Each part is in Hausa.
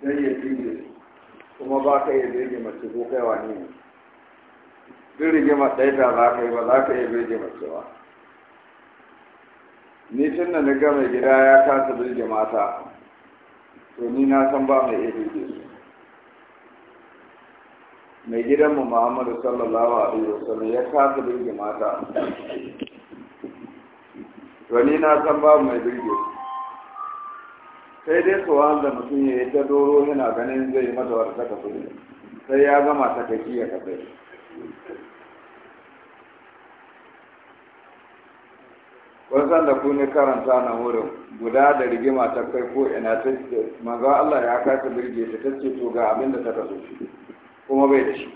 don ya yi kuma ba ka iya birge mace ko kai wani ne Jirgin rigima ɗaya da za ka yi ba za ka iya birge mace ba ni tun da na gama gida ya kasa birge mata to ni na san ba mai iya jirgin. su mai gidanmu muhammadu sallallahu alaihi wasallam ya kasa birge mata to ni na san ba mai birge su sai dai su da mutum ya yi ta doro yana ganin zai yi mata wata saka kuɗi sai ya gama ta takaki ya kafai kun san da ku ne karanta na wurin guda da rigima ta kai ko ina ta manzo Allah ya kasa birge ta ce to ga abin da ta kaso shi kuma bai da shi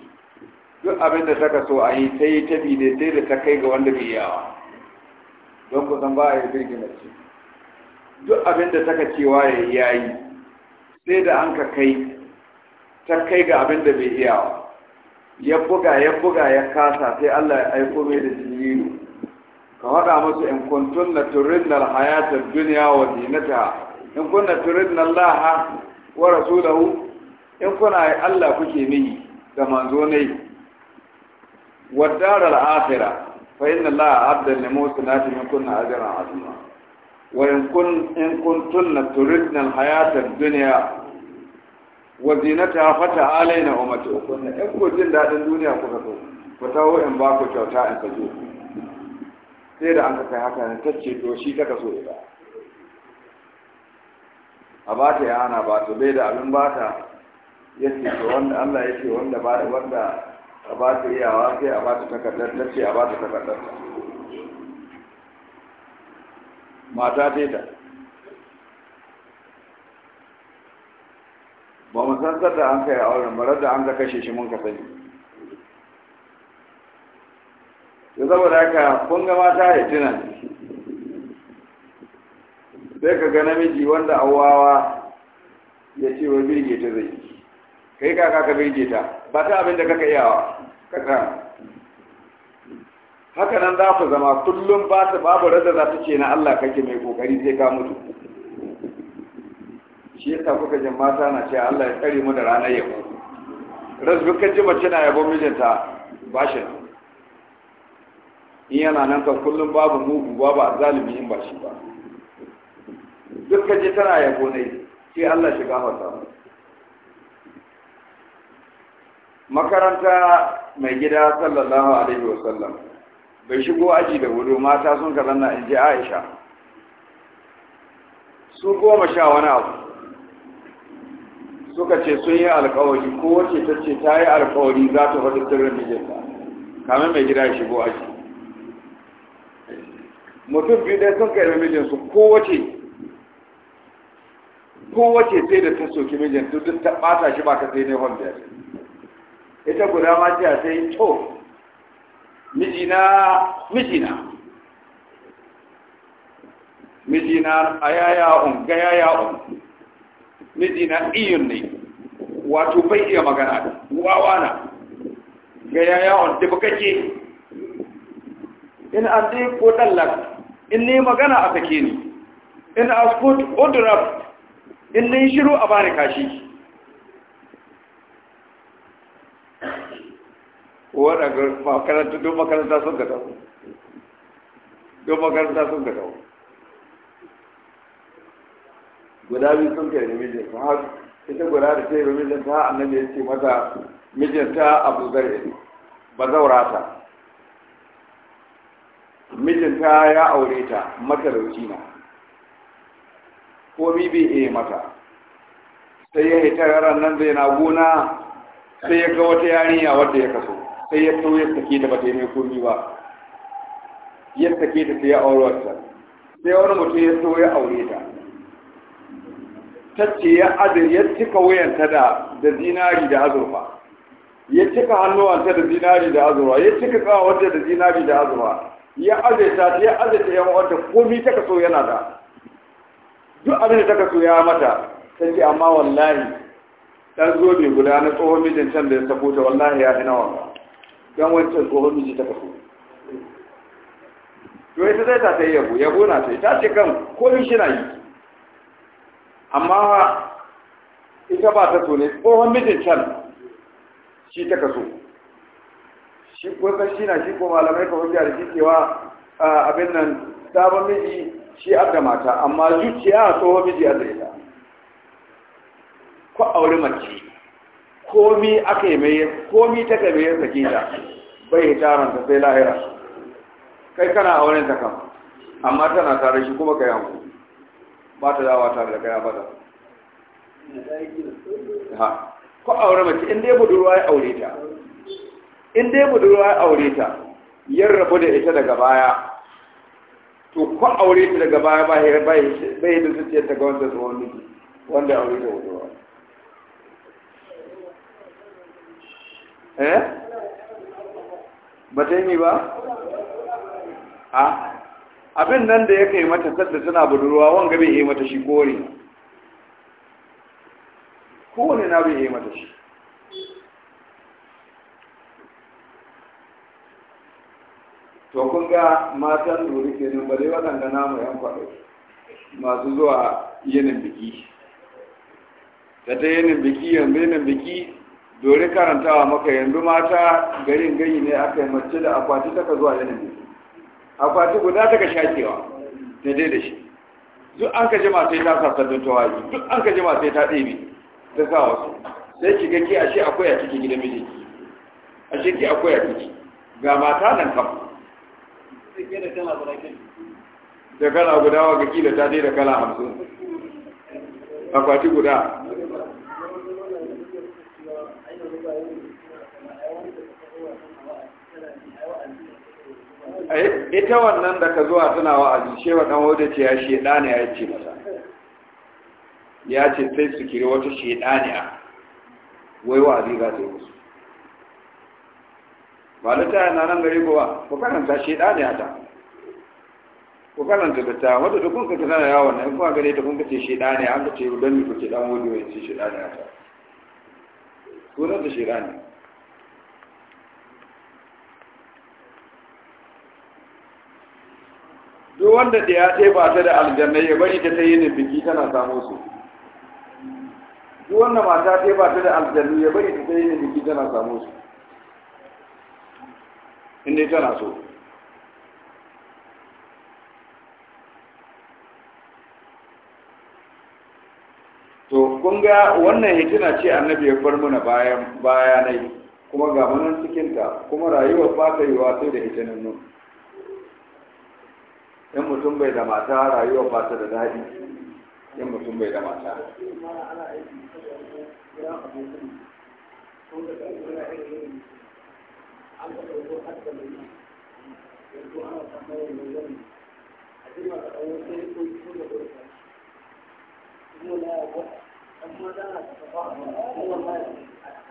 duk abin da ta kaso a yi ta yi ta bide sai da ta kai ga wanda bai yawa don kusan ba a yi da shi duk abin da taka cewa ya yi yayi sai da an ka kai ta kai ga abin da bai iya ya buga ya buga ya kasa sai Allah ya aiko mai da jiniru ka faɗa musu in kuntun na turin na hayatar duniya wa zinata in kun na turin na laha wa rasulahu in kuna Allah kuke mini da manzo ne Wadda da akhirah fa inna Allah abdal lil musinati min kunna a azima وإن كن إن كنتن تردن الحياة الدنيا وزينتها فتعالينا أمتعكن إن كنتن داد الدنيا كنتو فتاو إن باكو شوتا إن كجو sai da an kai haka ne tacce to shi ta kaso ita a ba ta ya ana ba to bai da abin ba ta ya ce wanda Allah ya ce wanda ba wanda a ba ta iyawa sai a ba takardar ta ce a ba takardar ta mata dai da ba mu san da an kai auren marar da an ka kashe shi mun ka sani da saboda haka kun ga mata ya tuna sai ka ga namiji wanda awawa ya ce wa birge ta zai kai kaka ka birge ta ba ta abin da kaka iyawa kaka haka nan za ku zama kullum ba ta babu rada za ta ce na Allah kake mai kokari sai ka mutu shi yasa kuka jin mata na ce Allah ya tsare mu da ranar yabo rasu kan ji mace na yabo mijinta ba shi in yana nan kan kullum babu mugu ba zalimi in ba shi ba ka ji tana yabo ne sai Allah shi gafarta makaranta mai gida sallallahu alaihi wasallam bai shigo aji da wuri mata sun ka zanna in ji aisha su goma sha wani abu suka ce sun yi alkawari ko wace ta ce ta yi alkawari za ta faɗi sirrin mijinta kamar mai gida ya shigo aji mutum biyu dai sun kai mijinsu ko wace kowace sai da ta soki mijin duk ta ɓata shi ba ka sai ne hon biyar ita guda ma ce sai to mijina mijina mijina ayaya on. gayaya on mijina iyun ne wato bai iya magana wawa na gayaya on un da bakake in an dai ko dallak in ne magana a sake ni in askut udrab in ne shiru a bani kashi waɗanda makaranta makaranta sun ka taho guda biyu sun kai da mijinta har ita guda da ta yi mijinta annabi ya ce mata mijinta abu zai ba zaura ta mijinta ya aure ta mata matalauci na ko bibi mata sai ya hitar ran nan zai na gona sai ya ga wata yarinya wadda ya kaso sai ya so ya sake da bata yi mai komi ba ya sake da sai ya aure wata sai wani mutum ya so ya aure ta ta ce ya adar ya cika wuyanta da da zinari da azurfa ya cika hannuwanta da zinari da azurfa ya cika kawawarta da zinari da azurfa ya azaita ya azaita yan wata komi ta kaso yana da duk abin da ta kaso ya mata ta ce amma wallahi ɗan zobe guda na tsohon mijin can da ya sako ta wallahi ya fi nawa don wancan tsohon miji ta kaso to ita zai ta ta yi yabo yabo na ta yi ta ce kan komi shi na yi amma ita ba ta so ne tsohon mijin can shi ta kaso shi ko shi na shi ko malamai ka hujja da shi cewa abin nan sabon miji shi da mata amma zuciya tsohon miji adda ita ko aure mace komi aka yi mai komi ta ka mai sake ta bai hitaran ta sai lahira kai kana auren ta kan amma tana tare shi kuma kai hanku ba ta dawa tare da kai abada ha ko aure mace in dai budurwa ya aure ta in dai budurwa ya aure ta ya rabu da ita daga baya to ko aure ta daga baya ba ya bai bai da zuciyar ta ga wanda tsohon miki wanda aure ta wuce eh ba ta yi ba a abin nan da ya kai mata sadda tana budurwa wanga bai yi mata shi kore kowane na bai yi mata shi to kun ga matan dori ke nan bare waɗanda namu yan kwaɗo masu zuwa yanin biki ta ta yanin biki yanzu yanin biki dore karantawa maka yanzu mata garin gari ne aka yi mace da akwati ka zuwa yanayi akwati guda ka shakewa daidai da shi duk an ka jima sai ta sa don tawaji duk an ka jima sai ta ɗebe ta sa wasu sai ki ga ki ashe akwai a cikin gidan miji ashe ki akwai a ciki ga mata nan kam da kala guda wa ga kila ta da kala hamsin akwati guda Eh, ita wannan da ka zuwa suna wa'azi shewa dan wadda ce ya shedani ya ce masa ya ce sai su kiri wata a wai wa'azi za ta yi musu ba da ta yana nan gari kowa ku karanta a ta ku karanta da ta wadda da kun kaka tana yawon nan kuma gare ta kun kace a ta ce don ni kuke dan wani wai ce shedaniya ta sunan da shedaniya duk wanda da ya ce ba ta da aljanna ya bari ta ta yi biki tana samu su duk wanda mata ta ba ta da aljanna ya bari ta ta yi biki tana samu su in dai tana so to kun ga wannan hitina ce annabi ya bar mana bayan bayanai kuma ga manan cikinta kuma rayuwar ba ta yiwa sai da hitinin nuna in mutum bai da mata rayuwa ba ta da daɗi in mutum bai da mata Thank you.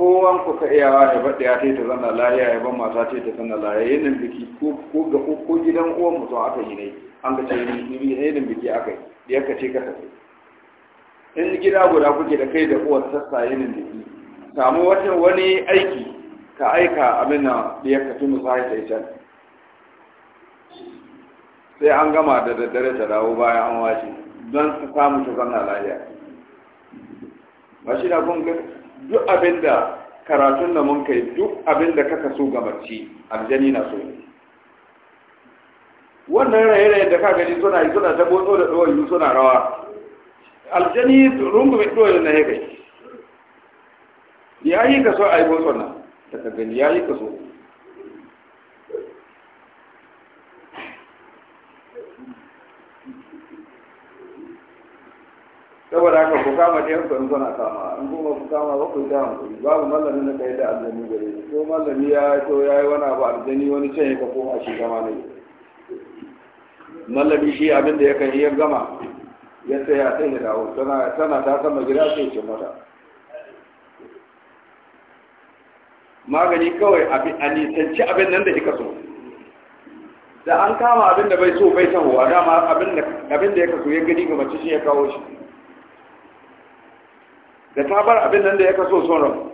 kowan ku ka wa ya baɗe ya ta zanna lahiya ya ban mata ta ta zanna lahiya yanin biki ko ga ko gidan uwan mutum aka yi ne an ga ce yanin biki aka yi da ya kace ka tafi in gida guda kuke da kai da uwar sassa yanin biki samu wata wani aiki ka aika abin nan da ya kafi sai ta ita sai an gama da daddare ta dawo bayan an wace don su samu ta zanna lahiya ba shi kun gani duk abin da karatun da mun kai duk abin da kaka so ga mace aljani na so ne wannan raye-raye da ka gani suna yi suna ta boto da ɗoyi suna rawa aljani rungume ɗoyi na ya kai ya yi ka so a yi boso nan, ta ka gani ya yi ka so saboda haka ku kama ɗayan ku suna kama in kuma ku kama ba ku kama hankali babu mallamin da kai da aljani gare shi ko mallami ya to ya yi wani abu aljani wani can ya kafo a shi gama ne mallami shi abin da ya kan iya gama ya tsaya sai ya dawo tana tana ta sama gida sai ce mata magani kawai a nisanci abin nan da kika so da an kama abin da bai so bai san wa dama abin da ya kaso ya gani ga mace shi ya kawo shi da ta bar abin nan da ya kaso son ran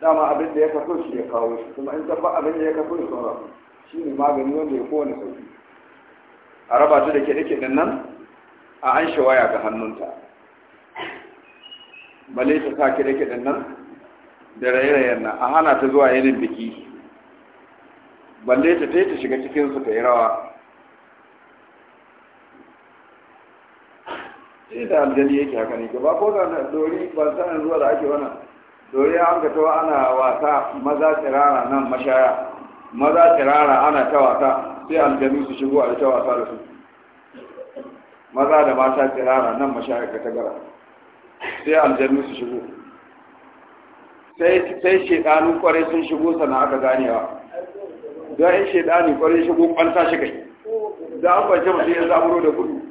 dama abin da ya kaso shi ya kawo shi kuma in tabba abin da ya kaso son ran shi ne magani wanda ya kowane sauki a raba ta da kiɗe-kiɗen nan a an shawaya ga hannunta bale ta sa kiɗe nan da raye-rayen nan a hana ta zuwa yanin biki balle ta ta shiga cikinsu ta yi rawa Sai da aljani yake haka ne gaba ko da dori ba sanin zuwa da ake wannan dori an ka tawa ana wasa maza tsirara nan mashaya maza tsirara ana ta wasa sai aljanu su shigo a ta wasa da su maza da mata tsirara nan mashaya ka tagara sai aljanu su shigo sai sai shedanun kwarai sun shigo sana aka ganewa don in shedani kwarai shigo kwanta shi kai da an bace mutum ya zaburo da gudu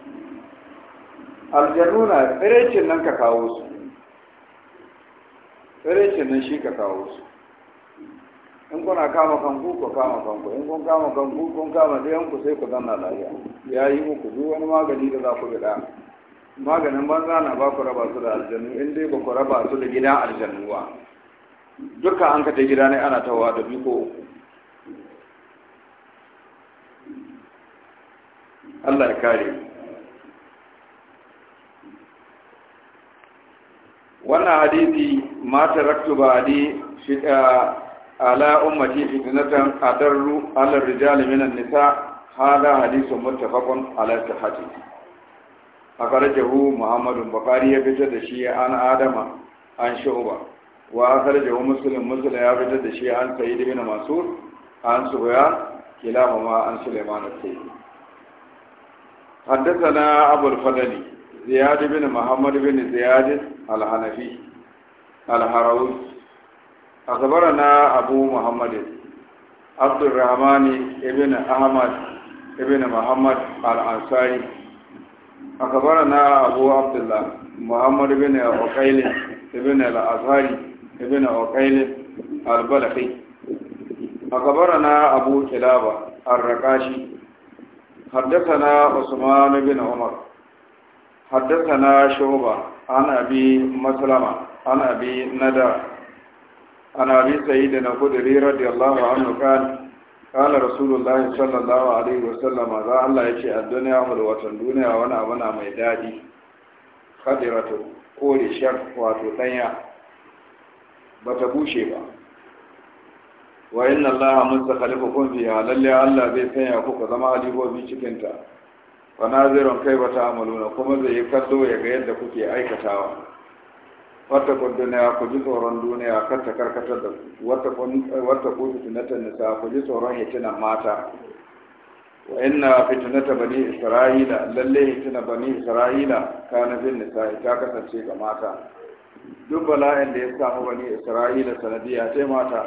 aljannuna na tsirecin nan ka kawo su tsirecin nan shi ka kawo su in kuna kama kanku ku kama kanku in kun kama kanku kun kama ɗayan ku sai ku zanna lafiya ya yi muku duk wani magani da za ku gida maganin banza na ba ku raba su da aljannu in dai ba ku raba su da gidan aljannu ba duka an ka ta gida ne ana tawa da biyu ko uku Allah ya kare mu wannan hadisi ma raktu ba shi shida ala ummati fitnatan adarru ala min an nisa hada hadisu muttafaqun ala sahihi akhrajahu muhammadun bukhari ya fitar da shi an adama an shu'ba wa akhrajahu muslim muslim ya fitar da shi an sayyid ibn mas'ud an suhya kilahuma an sulaiman al-sayyid حدثنا أبو الفضل ziyad bin muhammad bin ziyad al-hanafi al-harawi akhbarana abu muhammad عبد الرحمن ابن احمد ابن محمد الانصاري اخبرنا ابو عبد الله محمد بن عقيل ابن الازهري ابن عقيل البلخي أخبرنا أبو كلابة الرقاشي حدثنا عثمان بن عمر حدثنا شعبة عن أبي مسلمة عن أبي ندى عن أبي سيدنا الخدري رضي الله عنه قال قال رسول الله صلى الله عليه وسلم ذا الله يشي الدنيا ملوة الدنيا وانا وانا ميدادي خدرة قول شر واتوتنيا بتبوشي با وإن الله مستخلفكم فيها للي الله بيثنيا فوق زمالي لي هو بيشكنتا wa nazirin kai ba ta amaluna kuma zai yi kallo ya ga yadda kuke aikatawa wata kun duniya ku ji tsoron duniya kar ta karkatar da ku wata ku eh, fitinatan nisa ku ji tsoron hitinan mata wa inna fitinata bani isra'ila lalle hitinan bani isra'ila Ka na bin nisa ta kasance ga mata duk bala'in da ya samu bani isra'ila sanadiya sai mata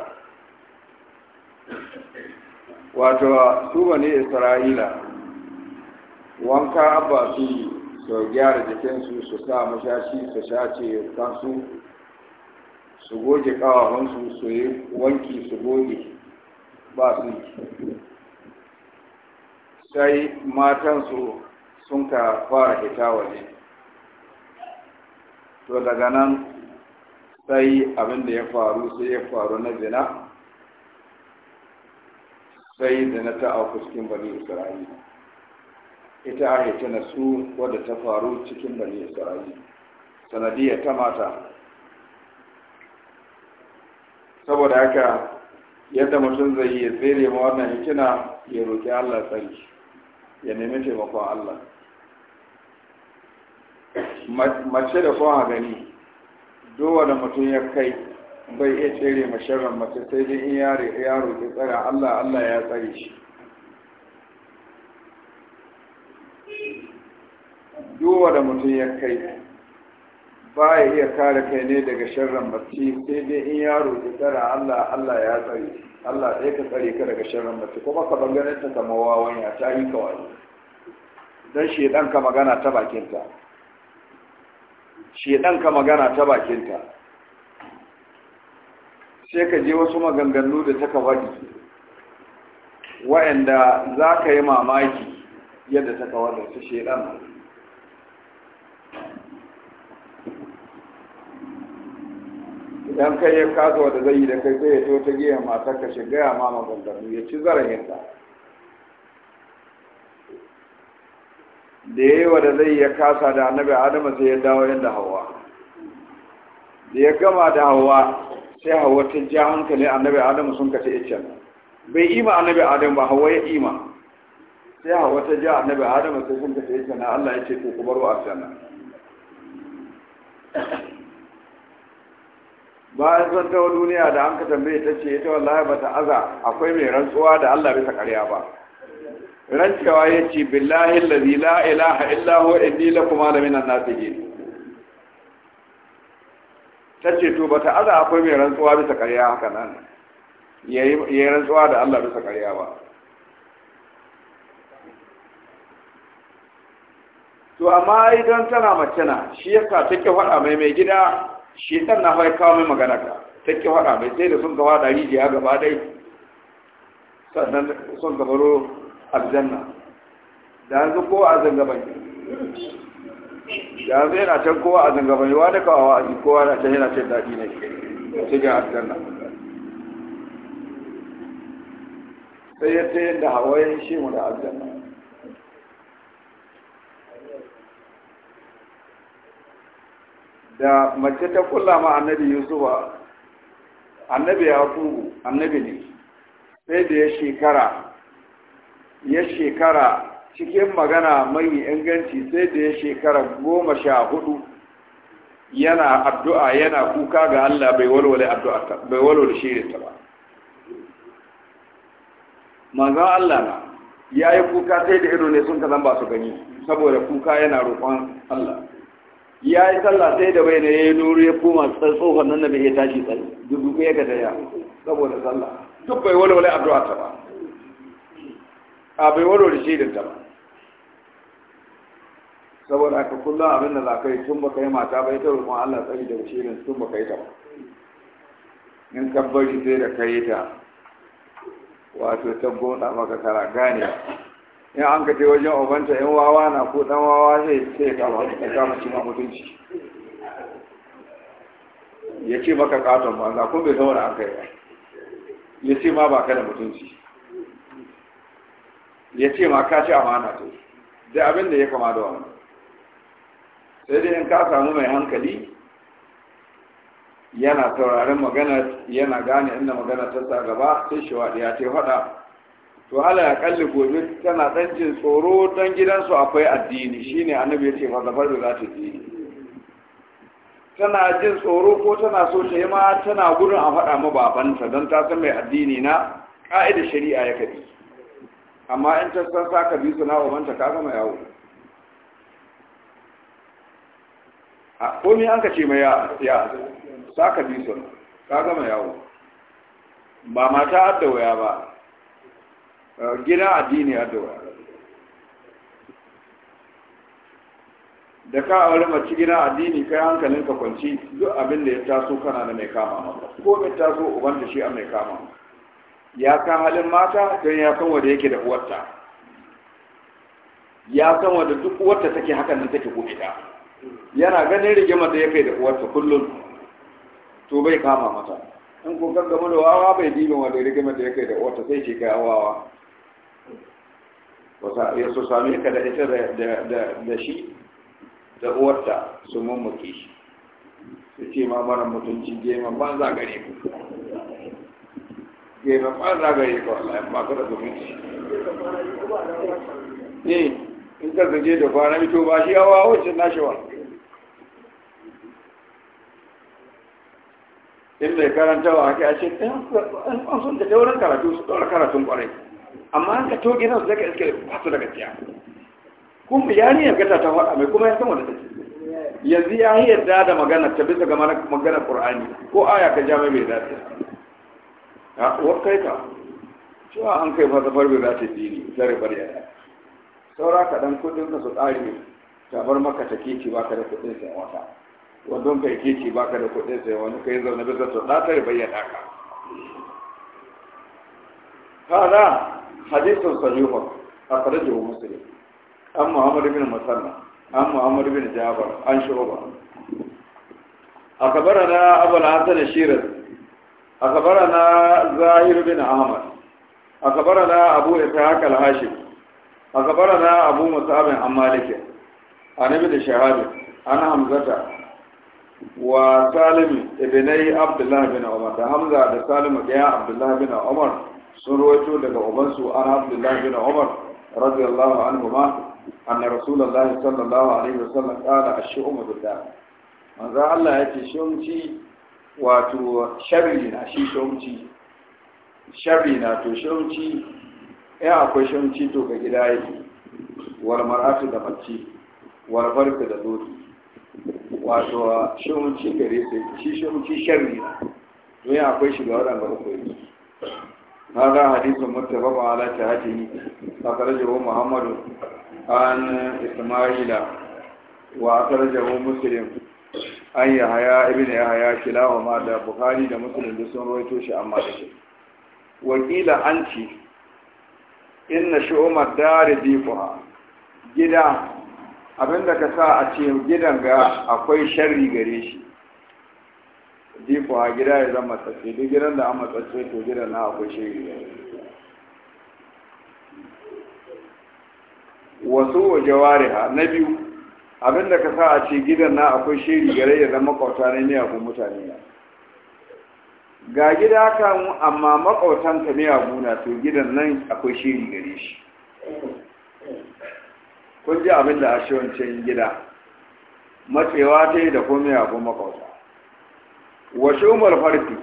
wato su bani isra'ila wanka ba su su gyara jikinsu su sa mashashi su shace kansu su goge kawawansu su yi wanki su goge ba su sai matansu sun ka fara hita waje to daga nan sai abin da ya faru sai ya faru na zina sai da na ta'a cikin bani isra'ila ita a ta su wadda ta faru cikin bani isra'ila sanadiyar ta mata saboda haka yadda mutum zai yi tsere ma wannan hikina ya roƙi allah tsari ya nemi taimakon allah mace da kuma gani da mutum ya kai bai iya tsere masharar mace sai dai in ya roƙi tsara allah allah ya tsare shi kowane da mutum ya kai ba ya iya kare kai ne daga sharran mace sai dai in yaro ya tsara Allah Allah ya tsare Allah sai ka tsare ka daga sharran mace kuma ka bangaren ta kama wawan ya ta yi kawai dan shedan ka magana ta bakinta shedan ka magana ta bakinta sai ka je wasu maganganu da ta kawai wa'anda za ka yi mamaki yadda ta ta su shedan Idan kai ya kasuwa da zai yi da kai sai ya to ta giya mata ka shiga ya ma maganganu ya ci zarafinta da yawa da zai ya kasa da annabi adama sai ya dawo inda hawa da ya gama da hawa sai hawa ta ja hankali annabi adama sun kace iccen eh, bai ima annabi adama ba hawa ya ima sai hawa ta ja annabi adama sai sun kace iccen eh, Allah ya ce ko ku baro a sanan bayan sun tawo duniya da an ka tambaye ta ce ita wallahi bata aza akwai mai rantsuwa da Allah bisa ƙarya ba rantsuwa ya ce billahi allazi la ilaha illa huwa inni lakum alamin nasihi ta ce to bata aza akwai mai rantsuwa bisa ƙarya haka nan yayi rantsuwa da Allah bisa ƙarya ba to amma idan tana mace na shi yasa take faɗa mai mai gida shedan na fai kawo mai magana ka take faɗa mai sai da sun gaba da rijiya gaba dai sannan sun gabaro aljanna da yanzu kowa a zangaban da yanzu yana can kowa a zangaban yi wani kawawa a ji kowa na can yana can daɗi ne cikin aljanna sai ya ta yin da shi mu da aljanna da mace ta kulla ma annabi yusufa annabi ya kubu annabi ne sai da ya shekara ya shekara cikin magana mai inganci sai da ya shekara goma sha hudu yana addu'a yana kuka ga Allah bai walwale bai walwale shirinta ba manzon Allah na ya kuka sai da ido ne sun ka zan ba su gani saboda kuka yana roƙon Allah ya yi sallah sai da bai na ya yi nuru ya koma tsohon nan da bai ya tashi tsaye dubu ya ga taya saboda sallah duk bai wani addu'a ta ba a bai wani shirin ta ba saboda aka kullum abin da za ka tun baka yi mata bai ta roƙon Allah tsari da shirin tun baka yi ta ba in kabbari sai da ka yi ta wato ta gona maka kara ganewa in an ka wajen obanta in wawa na ko dan wawa zai sai ka ya kama cikin mutunci ya ce maka katon ba za kun bai san wani an kai ba ya ce ma ba ka da mutunci ya ce ma ka ci amana to da abin da ya kama da wani sai dai in ka samu mai hankali yana taurarin magana yana gane inda magana ta sa gaba sai shawaɗi ya ce faɗa to ala kalli gobe tana dan jin tsoro dan gidansu akwai addini shine annabi yace fa zafar da za ta ji tana jin tsoro ko tana so ta yi ma tana gudun a faɗa ma babanta don ta san mai addini na ƙa'ida shari'a ya kaɗi amma in ta san sa ka bi su na babanta ka gama yawo a komi an ka ce mai ya sa ka bi su ka gama yawo ba mata adda waya ba gidan addini addu'a da ka aure mace gidan addini kai hankalinka kwanci duk abin da ya taso kana da mai kama maka ko mai taso uban da shi a mai kama ya ka halin mata don ya san wanda yake da uwarta ya san wanda duk uwarta take hakan da take kuɓe yana ganin rigimar da ya kai da uwarta kullum to bai kama mata in ko gaggama da wawa bai dibin wanda rigimar da ya kai da uwarta sai ce kai wawa ya so sami ka da ita da shi da uwarta su mummuke shi su ce ma mara mutunci geman banza gare ku geman banza gare ku Allah ba ku da zumunci ne eh, in ka zaje da kwana mito ba shi hawa wacce na shi wa in mai karanta wa ake a ce eh, an sun da dauran karatu su daura karatun kwarai amma an ka toge nan zaka iske ba su da gaskiya kuma ya gata ta faɗa mai kuma ya san wanda take yanzu ya yi yadda da magana ta bisa ga magana qur'ani ko aya ka ja mai bai dace a wakai ka cewa an kai fata farbe za ta dini zare bar yaya saura ka dan kudin ka su tsari ta bar maka ta keci baka da kudin sai wata wadon kai keci baka da kudin sai wani kai zaune bisa to da ta bayyana ka da. حديث صحيح akhrajahu مسلم an muhammad بن musanna an muhammad بن جابر عن shu'ba أخبرنا أبو الحسن الشيرز أخبرنا زاهر بن أحمد أخبرنا أبو إسحاق الهاشم أخبرنا أبو مصعب عن مالك عن ابن شهاب عن حمزة وسالم ابني عبد الله بن عمر ده حمزة ده سالم يا عبد الله بن عمر sun ruwaito daga ubansu an abdullahi bin umar radiyallahu anhu ma anna rasulullahi sallallahu alaihi wasallam qala ash-shu'um bidda manzo Allah yace shumci wato sharri na shi shumci sharri na to shumci ya akwai shumci to ga gida yake wal mar'atu da mace wal barka da doki wato shumci gare sai shi shumci sharri na to ya akwai shiga wadanda ba ku yi هذا حديث متفق على شهاده أخرجه محمد عن إسماعيل وأخرجه مسلم أن يحيى ابن يحيى كلاهما ده بخاري ده مسلم ده سن رويتو شي أما ده وقيل أنت إن شؤم الدار ضيقها gida abinda ka sa a ce gidan ga akwai sharri gare shi diko a gida ya zama matsatsi duk gidan da an matsatsi to gidan na akwai shiri wasu wa ha na biyu abinda ka sa a ce gidan na akwai shiri gare ya zama kauta ne miyagun mutane na ga gida kan amma makautan ka miyagu na to gidan nan akwai shiri gare shi kun ji abinda a shi wancan gida matsewa ta yi da ko miyagun makauta wa shumar farfi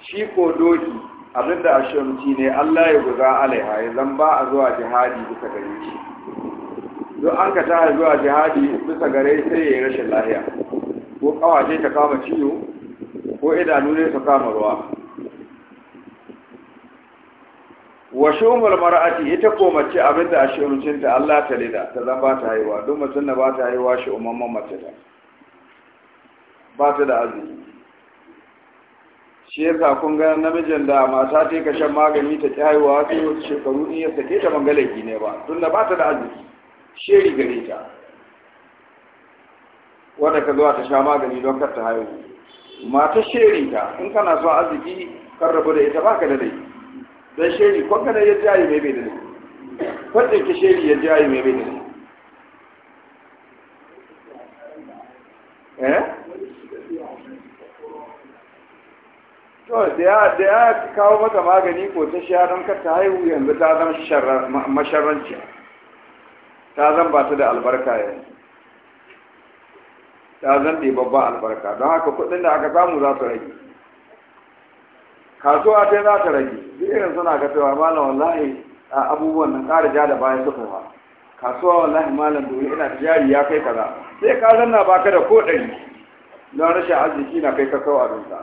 shi ko doki abinda a shirci ne Allah ya guza alaiha ya zamba ba a zuwa jihadi bisa gare shi don an ka ta zuwa jihadi bisa gare sai ya yi rashin lahiya ko kawace ta kama ciwo ko idanu ne ta kama ruwa wa shumul mar'ati ita ko mace abinda a ta Allah ta lida ta zan ba ta haihuwa don mutun da ba ta haihuwa shi umman mace ta ba ta da azumi shi yasa kun ganin namijin da mata ta ka shan magani ta kyayewa sai wasu shekaru in ya sake ta mangalaki ne ba tun da ba ta da arziki sheri gare ta wanda ka zuwa ta sha magani don kar ta haihu mata sheri ta in kana so arziki kan rabu da ita baka da dai don sheri kwan kana ya jaye mai bai da dai kwan da ke sheri ya jaye mai bai da dai da ya kawo mata magani ko ta sha don ta haihu yanzu ta zan masharanci ta zan ba ta da albarka yanzu ta zan ɗe babban albarka don haka kuɗin da aka samu za su rage kasuwa ta za ta rage duk irin suna ga cewa malam wallahi a abubuwan nan ƙara ja da bayan suka ba kasuwa wallahi malam domin ina da jari ya kai kaza sai ka zanna baka da ko ɗari don rashin arziki na kai ka kawo abin sa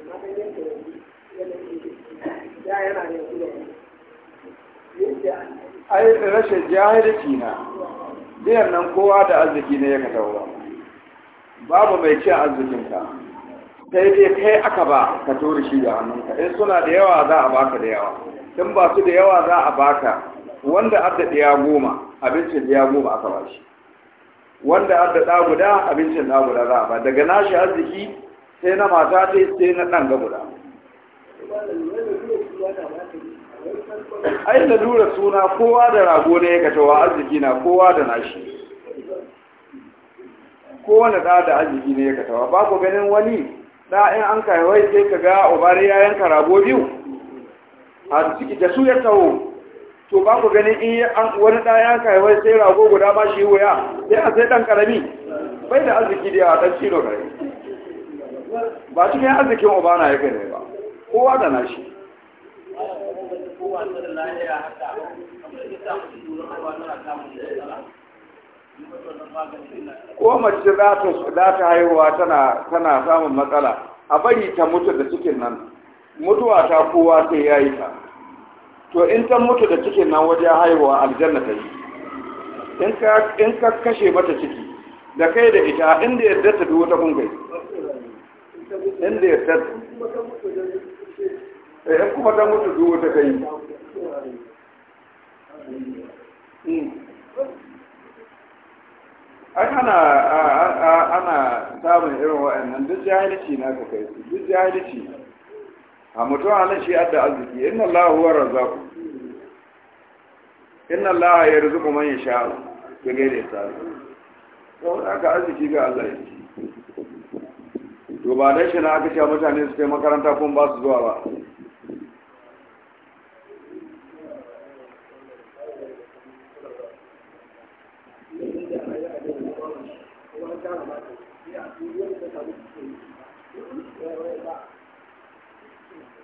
amma kan yanke yanzu da yana yanzu da yanzu ai rashin jahilci na biyan nan kowa da arziki ne ya ka taura babu mai cin arzikinka sai dai kai aka ba ka tori shi da hannunka in suna da yawa za a baka da yawa in ba su da yawa za a baka wanda adda ɗaya goma abincin ɗaya goma aka ba shi wanda adda ɗa guda abincin ɗa guda za a ba daga nashi arziki sai na mata ta sai na ɗan guda. ai lura suna kowa da rago ne ya katawa arziki na kowa da nashi kowane ɗa da arziki ne ya katawa ba ku ganin wani ɗa’in in an kaiwai sai ka ga obari ya yanka rago biyu a ciki da su ya taho to ba ku ganin in wani ɗa ya kaiwai sai rago guda ba shi wuya sai a sai ɗan ƙarami bai da arziki da yawa ɗan cino ƙarami ba cikin arzikin obana ya kai ne ba kowa da nashi ko mace za ta haihuwa tana samun matsala a bari ta mutu da cikin nan mutuwa ta kowa sai ya yi ta to in ta mutu da cikin nan wajen haihuwa aljanna ta yi in ka kashe mata ciki da kai da ita inda yadda ta duwata kungai inda ya tattu ɗaya eh, kuma ta mutu duwo ta kai hmm. A ana ana samun irin wa'annan duk jahilci na ka kai su duk jahilci a mutum ana shi adda arziki inna Allah huwa razzaq inna Allah ya rizuku man yasha ga gaida ta to haka arziki ga Allah yake to ba dan shi na aka cewa mutane su kai makaranta kuma ba su zuwa ba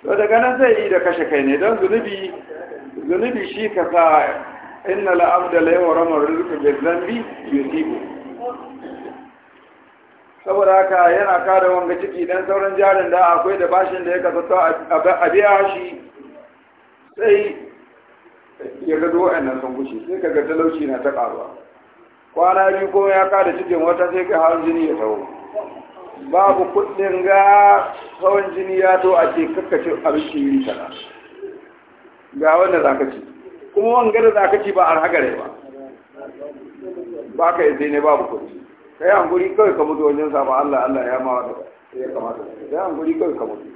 to daga nan zai yi da kashe kai ne don zunubi zunubi shi ka sa inna la'abda la yawa ramar rizqa bi yusibu saboda haka yana kada wanga ciki dan sauran jarin da akwai da bashin da ya to a biya shi sai ya gado wa'annan sun gushe sai ka ga talauci na ta ƙaruwa kwana biyu kuma ya kada cikin wata sai ka hawan jini ya taho babu kuɗin ga hawan jini ya to a ce kakkace abinci yi sana ga wanda za ka ci kuma wanga da za ka ci ba a hagare ba ba ka yi sai ne babu kuɗi kai hankuri kawai ka mutu wajen saba Allah Allah ya ma wata ya kamata kai hankuri kawai ka mutu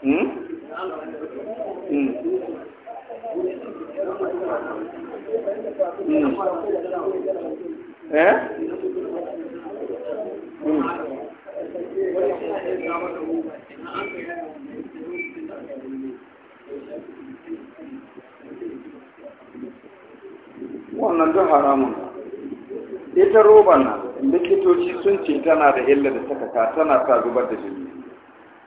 Hmm? Hmm. Hmm. Eh? hmm. wannan duk haramun ita roban nan likitoci sun ce tana da illa da takaka tana sa zubar da jini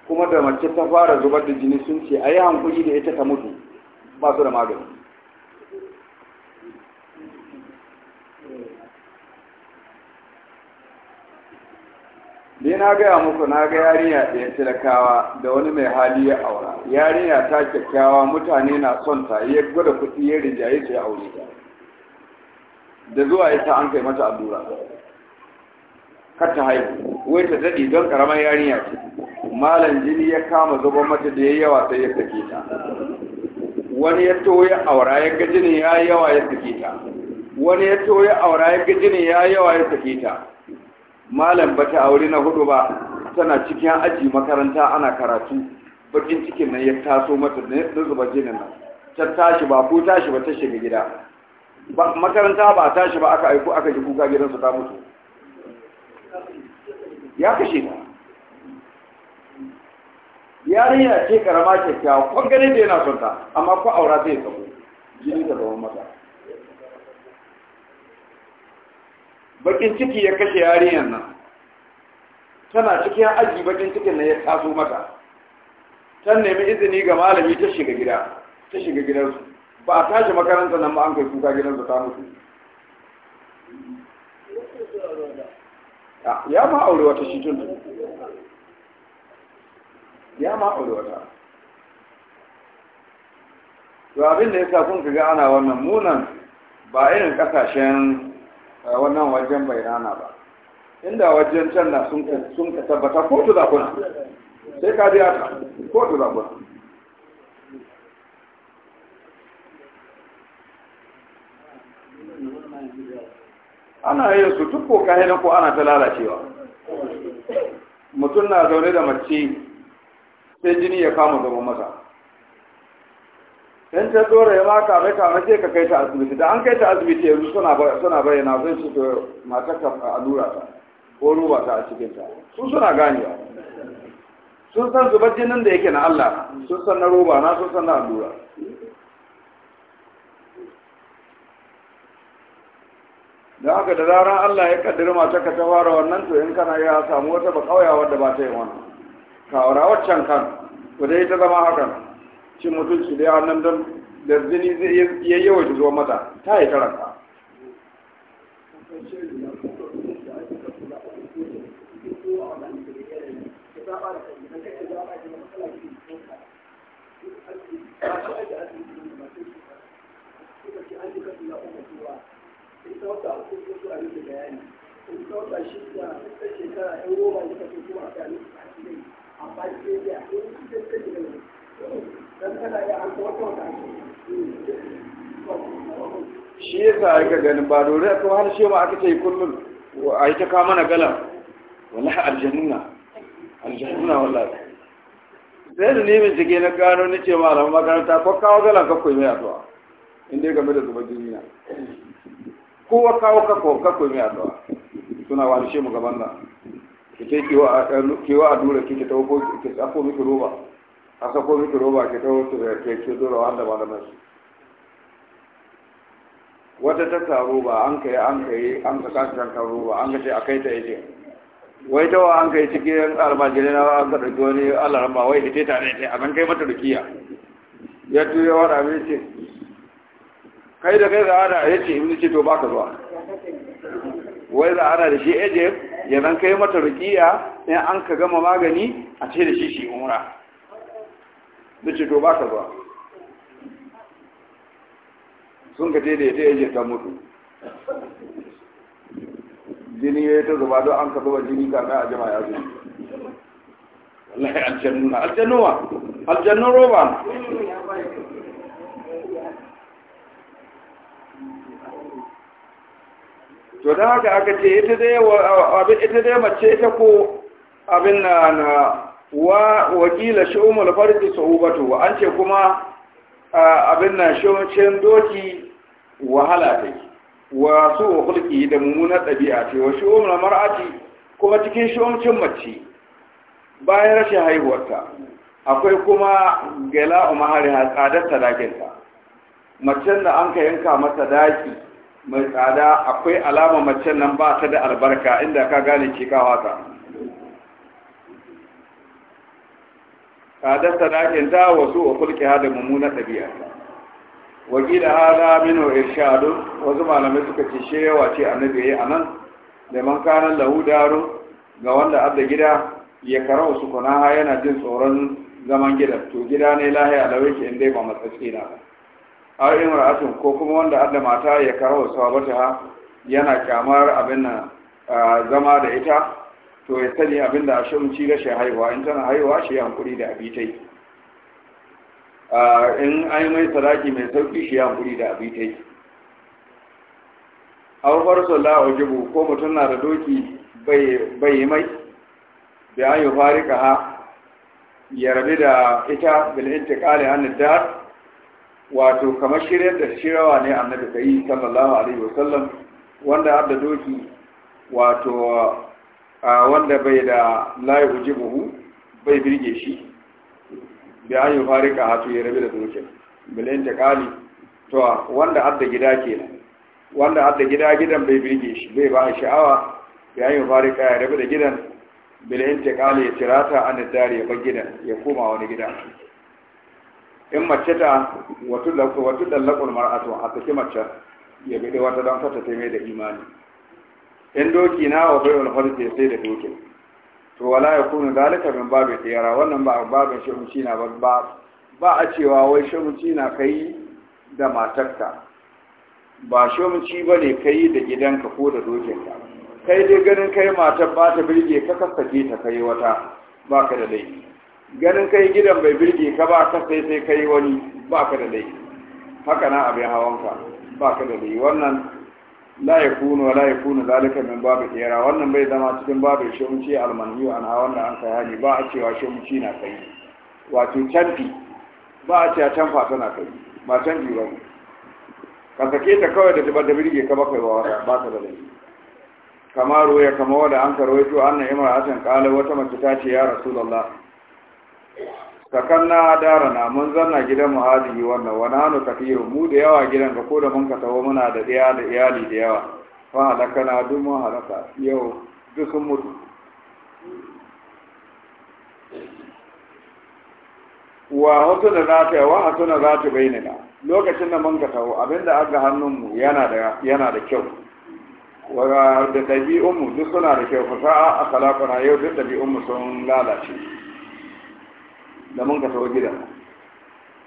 kuma da mace ta fara zubar da jini sun ce a yi hankuli da ita ta mutu ba su da magani sai na gaya muku na ga yarinya ɗaya talakawa da wani mai hali ya aura yarinya ta kyakkyawa mutane na son ta ya gwada kuɗi ya rija ya ya aure ta da zuwa ya ta an kai mata allura kar ta haihu wai ta daɗi don ƙaramar yarinya ce malam jini ya kama zuban mata da ya yawa sai ya sake ta wani ya to ya aura ya ga jini ya yawa ya sake ta wani ya to ya aura ya ga jini ya yawa ya sake ta malam bata a aure na hudu ba tana cikin aji makaranta ana karatu bakin cikin nan ya taso mata na zuba jinin nan ta tashi ba ko tashi ba ta shiga gida makaranta ba tashi ba aka aiko aka ji kuka gidansa ta mutu ya kashe ta yarinya ce karama kyakkyawa kwan ganin da yana son ta amma ko aura zai tsawo jini da zama mata bakin ciki ya kashe yarinyar nan tana cikin aji bakin cikin nan ya taso mata ta nemi izini ga malami ta shiga gida ta shiga gidansu ba a tashi makaranta nan ba an kai kuka gidansu ta mutu ah, ya ma aure wata shi tun ya ma aure wata to abin da ya sa kun ga ana wannan munan ba irin kasashen Ah, wannan wajen bai rana ba inda wajen can na sun ka tabbata kotu za kuna sai ka biya ta kotu za kuna ana yin su duk ko kahinan ko ana ta lalacewa mutum na zaune da mace sai jini ya kama domin masa in ta dora ya maka mai kama sai ka kai ta asibiti da an kai ta asibiti yanzu suna bayyana zai su to matar ka allura ta ko roba ta a cikin ta su suna ganewa sun san zubar jinin da yake na Allah sun san na roba na sun san na allura da haka da zaran Allah ya kaddara mata ka ta fara wannan to in kana ya samu wata ba kauya wadda ba ta yi wannan ka aura waccan kan Ku dai ta zama hakan cin mutunci da yawan nan don da zini zai iya yawan zuwa mata ta yi karanta Thank you. shi yasa aka ganin ba dore a kuma harshe aka ce kullum a yi ta kama na galan aljanuna aljanuna wallahi sai da nemin jike na gano ni ce malam makaranta ko kawo galan ka koyi mai addu'a inda ya game da zuba jini na kowa kawo ka ko ka mai addu'a suna wa harshe mu gaban nan ki ta kiwa a dura ki ta ko ki tsafo miki roba a sako miki roba ke taho su da ke ke dora wanda malaman su wata ta taro ba an kai an kai an ka kan taro ba an ka ce a kai ta yaje wai ta wa an kai cikin almajiri na an ka dauki wani ramba wai ita ta ne ta a kan kai mata rukiya ya tuya wa da ce kai da kai da ana ya ce ibnu ce to baka zuwa wai da ana da shi eje ya ban kai mata rukiya in an ka gama magani a ce da shi shi umra da ce to ba ka zuwa sun ka ce da ita yaje ta mutu jini ya yi ta zuba don an ka zuba jini kaka a jama'a ya zuwa wallahi aljannuna aljannuwa aljannun roba to da haka aka ce ita dai mace ita ko abin na wa wakila shumul fardi sa'ubatu an ce kuma abin nan shumcin doki wahala wa su hulki da mummunar ɗabi'a ce wa shumul mar'ati kuma cikin shumcin mace bayan rashin haihuwarta akwai kuma gala umahari ha tsadar sadakinta macen da an ka yanka masa daki mai tsada akwai alama mace nan ba ta da albarka inda ka gane cikawa ta kada sadakin ta wasu wa kulki hada mummuna ɗabi'a wakila hada minu irshadu wasu malamai suka ce she yawa ce annabi yayi anan da man kana lahu daru ga wanda adda gida ya karau kunaha yana jin tsoron zaman gida to gida ne lahiya lawai in dai ba matsatsi na ba aw imra'atun ko kuma wanda Allah mata ya karawa sawabata yana kyamar abin nan zama da ita to ya sani abin da ashirin ci rashin haihuwa in tana haihuwa shi ya hankuri da abitai in an mai saraki mai sauki shi ya hankuri da abitai abubuwar sallah a jibu ko mutum na da doki bai yi mai da an yi fari ha ya rabe da ita bilhinta kare hannun da wato kamar shiryar da shirawa ne annabi ka yi sallallahu alaihi wasallam wanda har da doki wato wanda bai da layi buhu bai birge shi bi an yi farika hatu ya rabe da dokin bilin ta kali to wanda adda gida kenan wanda adda gida gidan bai birge shi bai ba sha'awa bi an yi farika ya rabe da gidan bilin ta kali ya tirata an dare ya bar gidan ya koma wani gida in mace ta watu dallakul mar'atu a take mace ya bi wata don fata ta mai da imani in doki na wa bai alfar sai da dokin to wala ya kuna zalika min babu tiyara wannan ba babu shi cina ba ba a cewa wai shi na kai da matarka ba shi ba ne kai da gidanka ko da dokinka kai dai ganin kai matar ba ta birge ka kaskake ta kai wata ba ka da laifi ganin kai gidan bai birge ka ba ka sai sai kai wani ba ka da laifi haka na abin hawanka ba ka da laifi wannan la ya kunu wa la ya kunu zalika min babu kera wannan bai zama cikin babu shumci almanhu an ha wannan an kai hali ba a cewa shumci na kai wato canfi ba a cewa canfa tana kai ba canfi ba ka sake ta kawai da zubar da birge ka bakai ba wata ba ta da laifi kama ruwaya kama wanda an ka rawaito annan hasan kala wata mace ta ce ya rasulullah dara darana mun zanna gidan mu hadihi wannan wa nanu kafiru mu da yawa gidan ga ko da mun ka tawo muna da daya da iyali da yawa fa halakana duk mun halaka yau duk sun mutu wa da za ta wa hutuna za ta bainana lokacin da mun ka tawo abinda aga hannun mu yana da yana da kyau wa da dabi'un mu duk suna da kyau fa sa'a akhlaquna yau duk dabi'un mu sun lalace da mun ka gida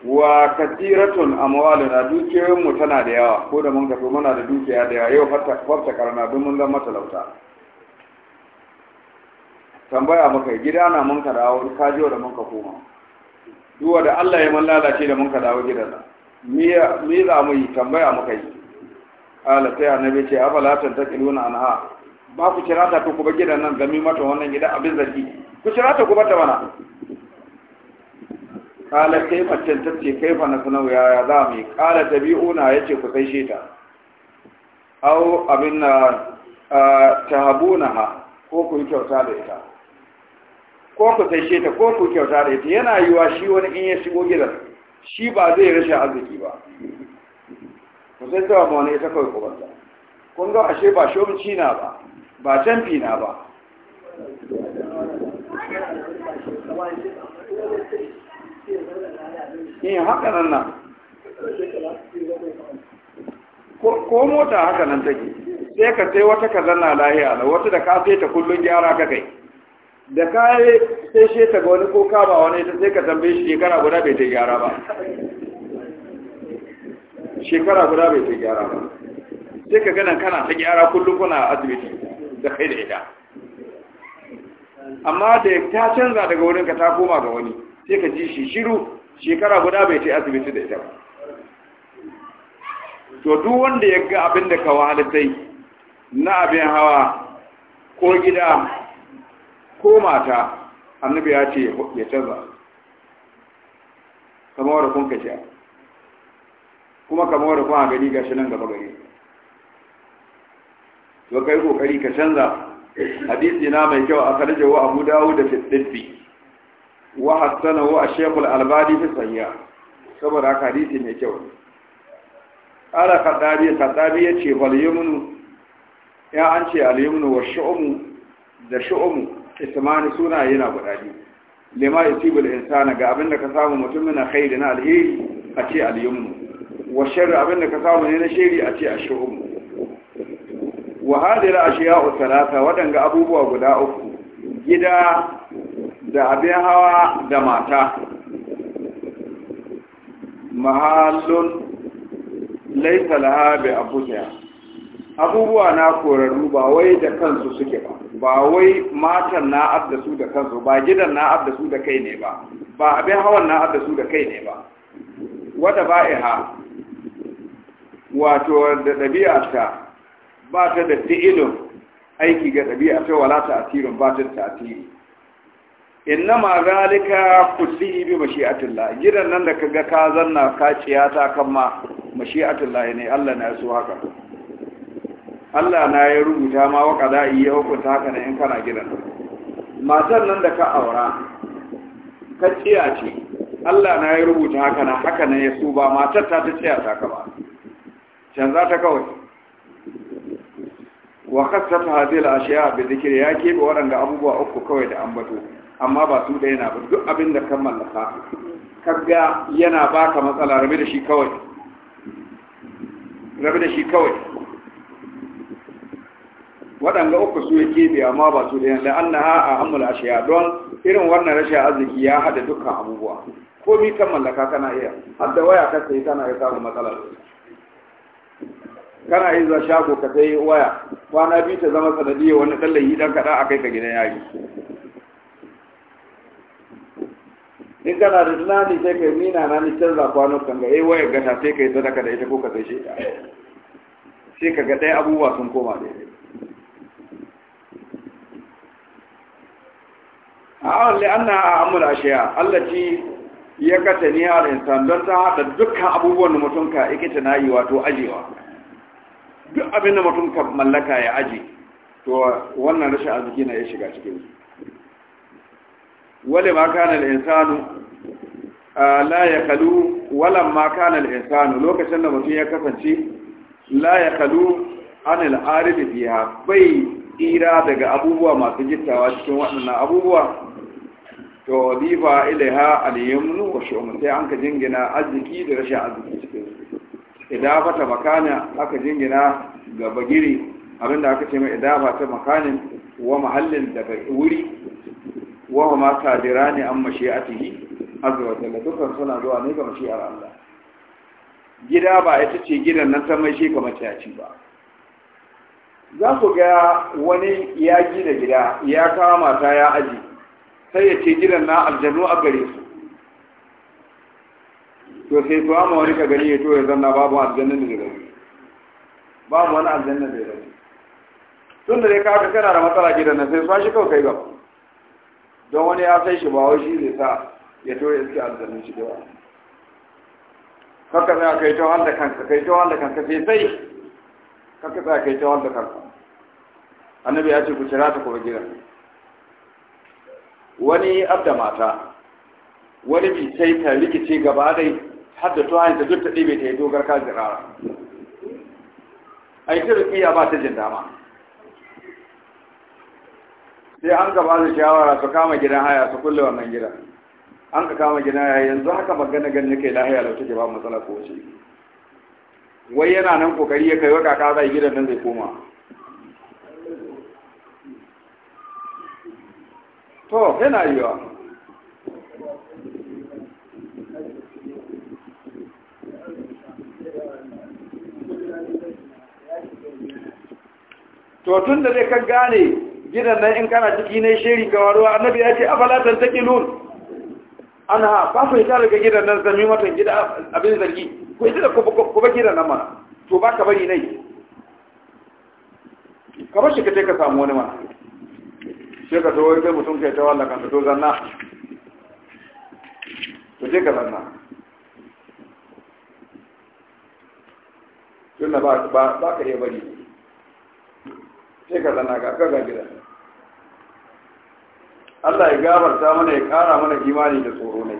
wa kasiratun amwaluna dukiyoyin mu tana da yawa ko da mun ka so muna da dukiya da yawa yau farta karana don mun zama talauta tambaya muka gida na mun ka dawo ka jiyo da mun ka koma duwa da Allah ya man lalace da mun ka dawo gidan me za mu yi tambaya muka yi ala sai annabi ce afala tantaqiluna anha ba ku kira ta ku ba gidan nan gami mata wannan gida abin zargi. ku kira ta ku bata mana kala sai macen ta kai fa na sanau ya za mu yi kala tabi'una ya ce ku sai shi ta au abin na tahabuna ha ko ku yi kyauta da ita ko ku sai ta ko ku kyauta da ita yana yiwa shi wani in ya shigo gidan shi ba zai rashin arziki ba ku sai ta wani ita kai ku banta kun ga ashe ba shomci na ba ba canfi na ba yin eh, haka nan na ko mota haka nan take sai ka sai wata kallon na lahiya na wata da ka sai ta kullum gyara ka kai da ka yi sai shi ta ga wani ko ka ba wani sai ka tambaye shi shekara guda bai ta gyara ba shekara guda bai ta gyara ba sai ka ganin kana ta gyara kullum kuna asibiti da kai da ita amma da ta canza daga wurinka ta koma ga wani sai ka ji shi shiru shekara guda bai ce asibiti da ita ba to duk wanda ya ga abin da ka wahalatai na abin hawa ko gida ko mata annabi ya ce ya canza kamar wadda kun kace kuma kamar wadda kun a ga gashi nan gaba gari to kai kokari ka canza hadisi na mai kyau a karjawa abu dawo da fitbit wa hassanahu ash-shaykh al-albani fi sahih saboda haka hadisi mai kyau ala khadabi khadabi yace wal ya an ce al wa shu'umu da shu'umu ismani suna yana guda biyu lima yusibul insana ga abin da ka samu mutumin na khairi na alheri a ce al wa sharri abin da ka samu ne na shiri a ce ash-shu'mu wa hadira ashiya'u thalatha wadanga abubuwa guda uku gida da abin hawa da mata mahallun laifin laha a abuja abubuwa na korarru ba wai da kansu suke ba ba wai matan na adda su da kansu ba gidan na adda su da kai ne ba ba abin hawan na adda su da kai ne ba wata ba'iha wato da ɗabi'arta ba ta da fi'ilin aiki ga ɗabi'arta wala ta asirin ba ta tasiri inna ma zalika kulli bi mashi'atillah gidan nan da kaga ka zanna ka ta kan ma mashi'atillah ne Allah na so haka Allah na ya rubuta ma wa qada'i ya hukunta haka ne in kana gidan matan nan da ka aura ka ce, Allah na ya rubuta haka na haka ne ya so ba matar ta ta ta ka ba canza ta kawai wa khassata hadhihi al-ashya bi dhikri ya wa waɗanda abubuwa uku kawai da ambato amma ba su da yana ba duk abin da kan mallaka kaga yana baka matsala rabe da shi kawai rabe da shi kawai waɗanda uku su ya bi amma ba su yana la'anna ha a hamul ashiya don irin wannan rashin arziki ya haɗa dukkan abubuwa komi kan mallaka kana iya har da waya ka sai kana iya samun matsala kana yin za shago ka sai waya kwana biyu ta zama sanadiyar wani ɗan dan kaɗa a kai ka gidan yari in kana da tunani sai kai mina na ni canza kan ga ewa eh, ya gasa sai kai sadaka da ita ko ka sai ta sai ka ga ɗaya abubuwa sun koma daidai a awon na a amur ashiya allaci ya kata ni a insan don ta haɗa dukkan abubuwan da mutum ka ikita na yi wato ajiyewa duk abin da mutum ka mallaka ya aji, to wannan rashin arziki na ya shiga cikin su wale ma kana al-insanu la yakalu wala ma kana al-insanu lokacin da mutum ya kasance la yakalu an al-arid biha bai tsira daga abubuwa masu gittawa cikin waɗannan abubuwa to wadifa ilaiha al-yamnu wa shumu sai an ka jingina arziki da rashin arziki cikin ba ta makana aka jingina gaba bagiri abinda aka ce mai ba ta makanin wa mahallin da wuri wa ma kadirani an mashi'atihi azza wa jalla dukkan suna zuwa ne ga mashi'ar Allah gida ba ita ce gidan nan ta mai shi ga maciyaci ba za ku ga wani ya gida gida ya kama mata ya aji sai ya ce gidan na aljanu a gare su to sai to amma wani ka gani ya to ya zanna babu aljannan da gare babu wani aljannan da gare tun da dai ka kana da matsala gidan nan sai su shi kawai kai gaba don wani ya san shi ba wai shi zai sa ya to iske aljannu shi da kaka za kai ta wanda kanka kai ta wanda kanka sai sai kaka za kai ta wanda kanka annabi ya ce ku kira ta kuma gidan wani abda mata wani bi sai ta rikice gaba dai har da tuwayen ta duk ta ɗibe ta yi dogar kajirara a yi ta rukiya ba ta jin dama sai an ka ba su shawara su kama gidan haya su kulle wannan gidan an ka kama gidan haya yanzu haka magana gan nake lahiya da take ba matsala ko ce wai yana nan kokari ya kai wa kaka zai gidan nan zai koma to yana yiwa to tun da dai kan gane gidan nan in kana ciki ne shiri ga waruwa annabi ya ce afala tantaqilun anha fa ku ita daga gidan nan zami mata gida abin zargi ku ita da ko ba gidan nan ma to ba ka bari nai ka ba shi ka ka samu wani ma. sai ka zo kai mutum kai ta wallan kan to zanna to je ka zanna tunda ba ba ka iya bari sai ka zanna ga ka ga gidan Allah ya gabarta mana ya kara mana imani da tsoro ne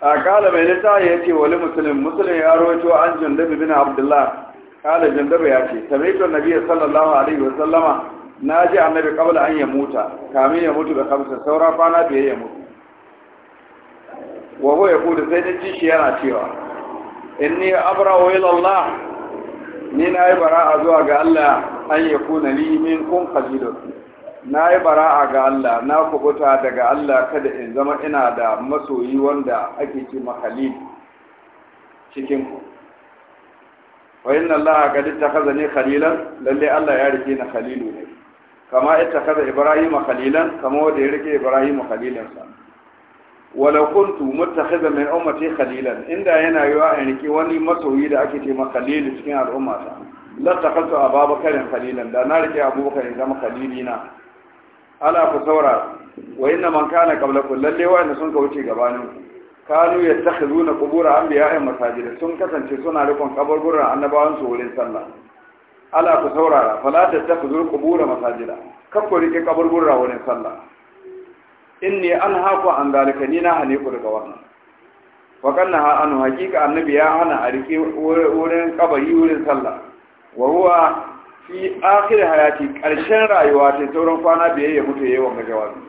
a kala mai nita ya ce wani musulun musulun ya rawaito an jandabi bin abdullah kala jandaba ya ce samaitun nabiya sallallahu alaihi wasallama na ji annabi kabla an ya muta kamin ya mutu da kamsa saura kwana biyar ya mutu wa ya kudu sai na ji shi yana cewa In ni abra wa ilallah ni na yi bara'a zuwa ga Allah an yakuna kuna min kun qalilun na yi bara'a ga Allah na kubuta daga Allah kada in zama ina da masoyi wanda ake ce mahalil cikin ku wa inna Allah ta kaza ne khalilan lalle Allah ya rike ni khalilu ne kama ita kaza Ibrahim khalilan kama wanda ya rike Ibrahim khalilan sa wala kuntu muttakhidha min ummati khalilan inda yana yiwa in rike wani masoyi da ake ce mahalil cikin al'umma ta la takhadha Abubakar khalilan da na rike Abubakar in zama khalilina ala ku saura wa inna man kana qablakum lalle wa'anda sun ka wuce gabanin kanu yattakhizuna qubur anbiya'in masajid sun kasance suna rikon kaburburan annabawan su wurin sallah ala ku saurara fala tattakhizul qubur masajida kakko rike kaburburan wurin sallah inni an haku an zalika ni na hane ku daga wannan wa kanna anu hakika annabi ya hana a rike wurin kabari wurin sallah wa huwa fi akhir hayati karshen rayuwa ta sauran kwana biyar ya mutu yayi wannan jawabi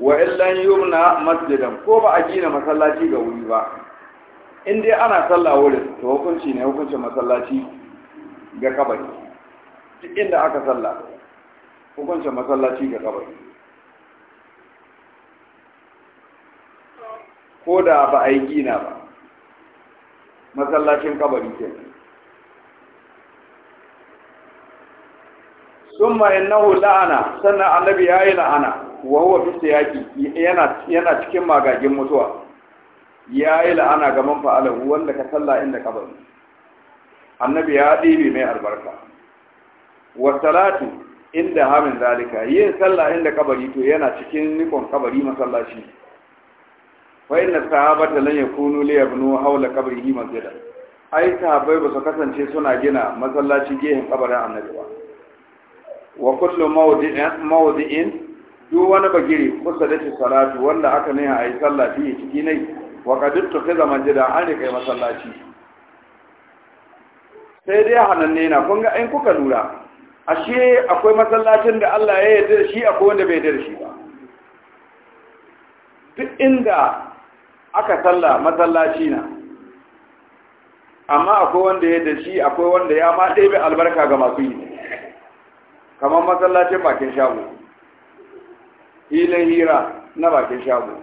wa illa yumna masjidan ko ba a gina masallaci ga wuri ba in dai ana sallah wurin to hukunci ne hukuncin masallaci ga kabari duk inda aka sallah hukuncin masallaci ga kabari ko da ba a yi gina ba masallacin kabari kenan thumma innahu la'ana sannan annabi yi la'ana wa huwa fi yana cikin magagin mutuwa Ya yi la'ana ga man fa'alahu wanda ka salla inda kabari annabi ya dibi mai albarka wa salatu inda hamin zalika yin salla inda kabari to yana cikin nikon kabari masallaci fa inna sahabata lan yakunu li yabnu hawla kabrihi masjidan ai sahabbai ba su kasance suna gina masallaci gehen kabarin annabi ba wa kullu mawdi'in du wani bagiri musa da salatu wanda aka ne a yi sallah fiye ciki ne wa kadir to kai zaman jira an kai masallaci sai dai hananne na kun ga in kuka lura ashe akwai masallacin da Allah ya yarda da shi akwai wanda bai yarda da shi ba duk inda aka salla masallaci na amma akwai wanda ya yarda shi akwai wanda ya ma ɗebe albarka ga masu yi ne kamar masallacin bakin shago ilin hira na bakin shago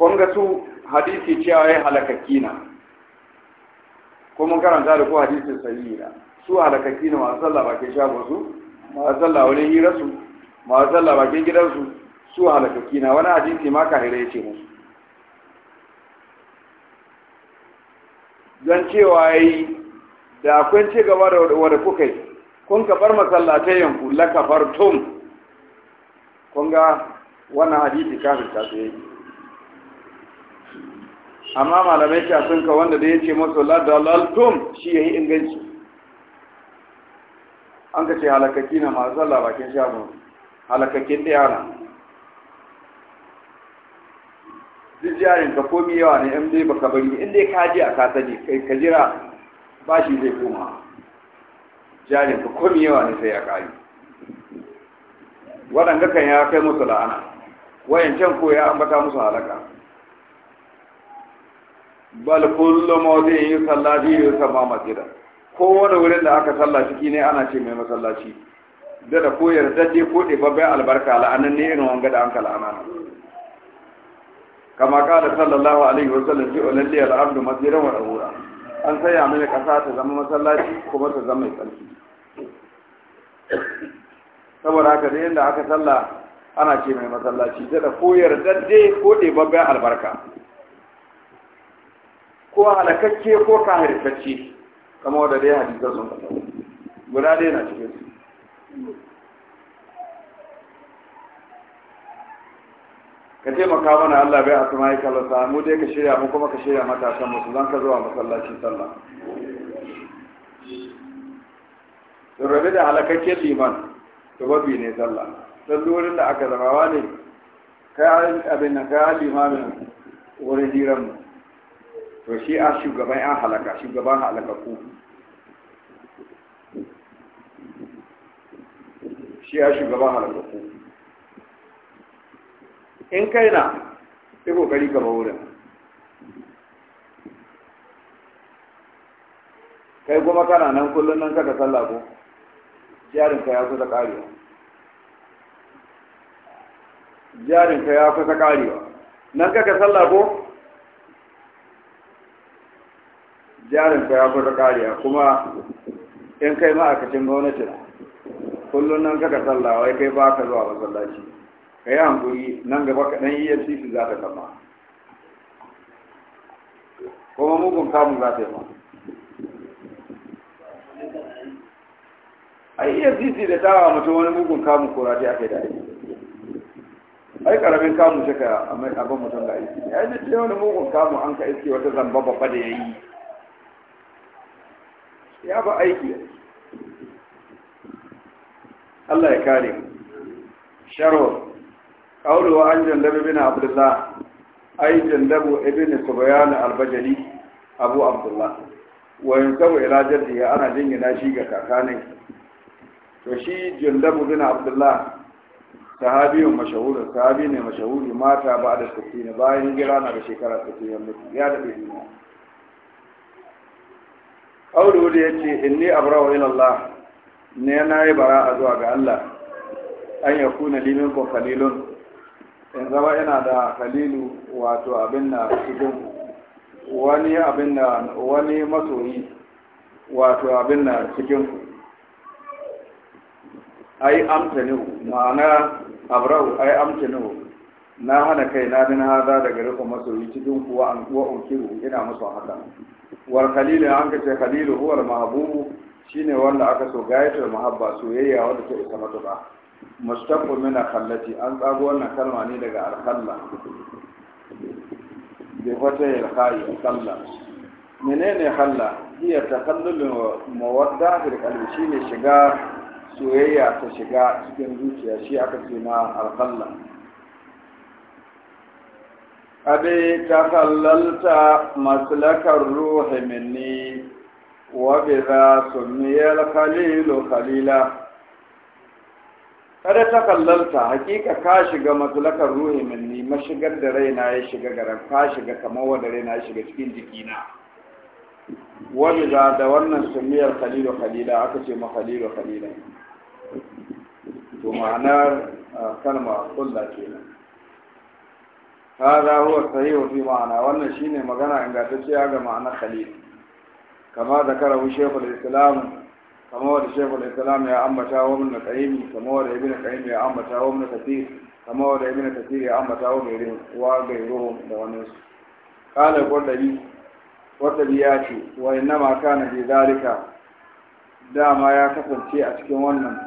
kun ga su hadisi cewa ya halakakki na kuma karanta da ku hadisin sayi na su halakakki na masu tsalla bakin shago su masu tsalla wani hira su masu tsalla bakin gidansu su halakakki na wani hadisi ma kahira ya ce musu don cewa ya yi da akwai ci gaba da wadda kuka yi kun ka bar masallatai yanku la tun kun ga wannan hadisi kafin ta tsaye amma malamai ta sun ka wanda da ya ce masu ladalal tun shi ya yi inganci an ka ce halakaki na masu sallah bakin shagun halakakin ɗaya na duk jarin ka komi yawa ne in dai baka bari in dai ka ji a ka ne kai ka jira ba shi zai koma jarin ka komi yawa ne sai ya ƙari waɗanda kan ya kai musu la'ana wayancan ko ya ambata musu halaka bal kullu mawdi'in yusalla bihi yusamma masjida ko wani wurin da aka salla shi ne ana ce mai masallaci da da ko dai ko ɗebabbai albarka la'anan ne irin wanga da an ka la'ana kama kala sallallahu alaihi wasallam ji ulil al-abdu masjidan wa dahura an saya mini ƙasa ta zama masallaci kuma ta zama mai tsarki saboda haka da yadda aka salla ana ce mai masallaci da koyar dadde ko ɗebabben albarka ko halakakke ko kahirkacce kamar wadda dai hadisan sun guda ɗaya na cikin su ka taimaka mana Allah bai asma ya kalasa mu dai ka shirya mu kuma ka shirya matasan mu zan ka zuwa masallacin sallah sun rabe da halakakken liman to babi ne sallah don wurin da aka zama wani kayan abin nan kayan limamin wurin hiran mu to shi a shugaban yan halaka shugaban halakaku shi a shugaban halakaku in kai na sai kokari ka ba wurin kai kuma kana nan kullum nan kaka sallah ko ka ya kusa karewa ka ya kusa karewa nan kaka sallah ko ka ya kusa karewa kuma in kai ma'aikacin gwamnati na kullum nan kaka sallah wai kai ba ka zuwa masallaci ka yi hankuri nan gaba kaɗan efcc za ta kama kuma mugun kamun za ta yi ma ai efcc da wa mutum wani mugun kamun kora ta aka yi da aiki ai karamin kamun shi ka abin mutum da aiki ya yi ce wani mugun kamun an ka iske wata zamba babba da ya yi ya ba aiki Allah ya kare mu. qawlu an jandab bin abdullah ay jandab ibn subyan al-bajali abu abdullah wa yansabu ila jaddi ana jingina shi ga kakane to shi jandab bin abdullah sahabiyun mashahuri sahabi ne mashahuri mata ba da ne, bayan hijira na da shekara sittin ya mutu ya da bai nuna qawlu da yace inni abra'u ila allah ne na yi bara a zuwa ga Allah an ya kuna limin ku in zama yana da kalilu wato abin na cikin wani abin da wani masoyi wato abin na cikin ai amtaniu ma'ana abrau ai amtaniu na hana kai na min haza daga rikon masoyi cikin kuwa an kuwa unkiru ina musu haka war halilu an kace halilu huwa al mahbubu shine wanda aka so gayatul mahabba soyayya wanda ke isa matuƙa mustaqqu min khallati an tsago wannan kalma ne daga alkhalla bi fata alkhai khalla menene khalla hiya takallul mawadda fil qalbi shine shiga soyayya ta shiga cikin zuciya shi aka ce ma alkhalla abe takhallalta maslaka ruhi minni wa bi za sumiyal khalilu khalila kada ta kallonta, hakika ka shiga matulakar ruhi minni mashigar da raina ya shiga garan ka shiga kamar wanda raina ya shiga cikin jikina wani da da wannan sumiyar khalilu khalila aka ce ma khalilu khalila to ma'anar kalma kulla kenan hada huwa sahihu fi ma'ana wannan shine magana ingantacciya ga ma'anar khalil kama zakara shaykhul islam kamar wanda shekul islam ya ambata wa mun qayyim kamar wanda na qayyim ya ambata wa mun kafir kamar wanda na kafir ya ambata wa gairin wa gairuhum da wani. su qala qurdabi ya ce wa innama kana bi zalika dama ya kasance a cikin wannan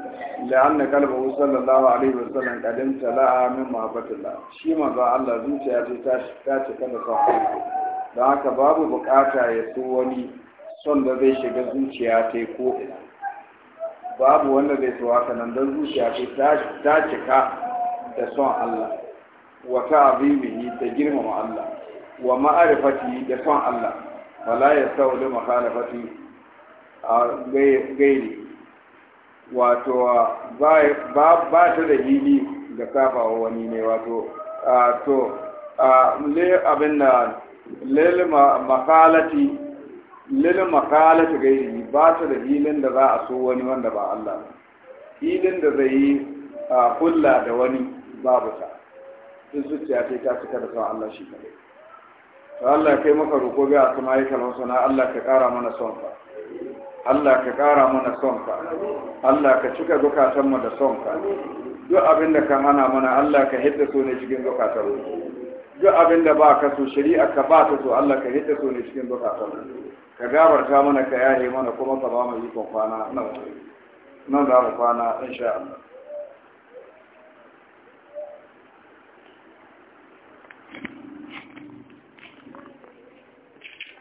la'anna qalbu sallallahu alaihi sallam kadin tala'a min mahabbatillah shi manzo Allah zuciya ce ta ta ce kana sa don haka babu bukata ya so wani son da zai shiga zuciya ta ko ina babu wanda zai so haka nan don zuciya ce ta cika da son Allah wa ta'zimihi da girmama Allah wa ma'arifati da son Allah Wala ya sau da a a gairi wato ba ta da hili ga kafa wani ne wato to a le abin da le makalati. lil makalati gairi ba ta da hilin da za a so wani wanda ba Allah ba hilin da zai yi a kulla da wani babu ta su zuciya ta ta cika da son Allah shi kadai to Allah kai maka roko bi asma'i kalon sana Allah ka kara mana son ka Allah ka kara mana son ka Allah ka cika zukatan mu da son ka duk abin da ka hana mana Allah ka hidda so ne cikin zukatan mu duk abin da ba ka so shari'a ka ba ta so Allah ka hidda so ne cikin zukatan mu كجابر كامنا كياهي من كما طبعاً يكون فانا نظر فانا إن شاء الله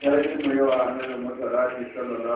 Ja bih imao Ivan, ne